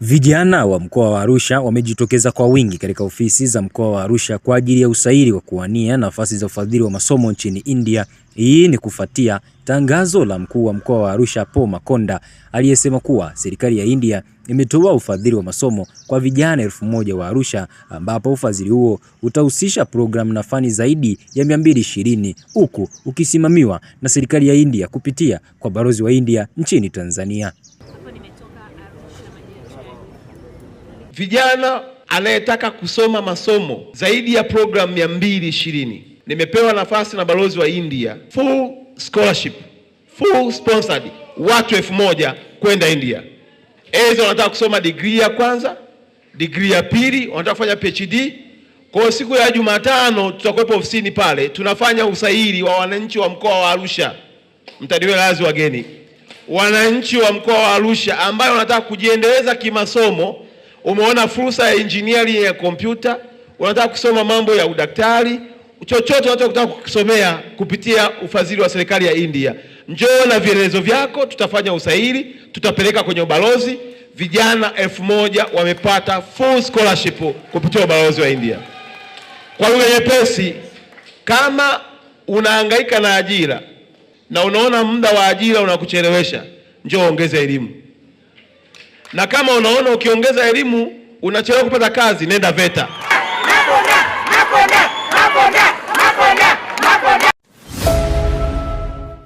Vijana wa mkoa wa Arusha wamejitokeza kwa wingi katika ofisi za mkoa wa Arusha kwa ajili ya usaili wa kuwania nafasi za ufadhili wa masomo nchini India. Hii ni kufuatia tangazo la mkuu wa mkoa wa Arusha Paul Makonda aliyesema kuwa serikali ya India imetoa ufadhili wa masomo kwa vijana elfu moja wa Arusha ambapo ufadhili huo utahusisha programu na fani zaidi ya 220 huku ukisimamiwa na serikali ya India kupitia kwa balozi wa India nchini Tanzania. vijana anayetaka kusoma masomo zaidi ya programu mia mbili ishirini. Nimepewa nafasi na balozi wa India, full scholarship, full sponsored, watu elfu moja kwenda India. eza wanataka kusoma degree ya kwanza, degree ya pili, wanataka kufanya PhD. Kwa siku ya Jumatano tutakuwepo ofisini pale, tunafanya usairi wa wananchi wa mkoa wa Arusha, mtaniwe lazi wageni, wananchi wa mkoa wa Arusha ambayo wanataka kujiendeleza kimasomo umeona fursa ya engineering ya kompyuta, unataka kusoma mambo ya udaktari, chochote unachotaka kukisomea kupitia ufadhili wa serikali ya India, njoo na vielelezo vyako, tutafanya usaili, tutapeleka kwenye ubalozi. Vijana elfu moja wamepata full scholarship kupitia ubalozi wa India. Kwa lugha nyepesi, kama unahangaika na ajira na unaona muda wa ajira unakuchelewesha, njoo ongeza elimu na kama unaona ukiongeza elimu unachelewa kupata kazi, nenda VETA.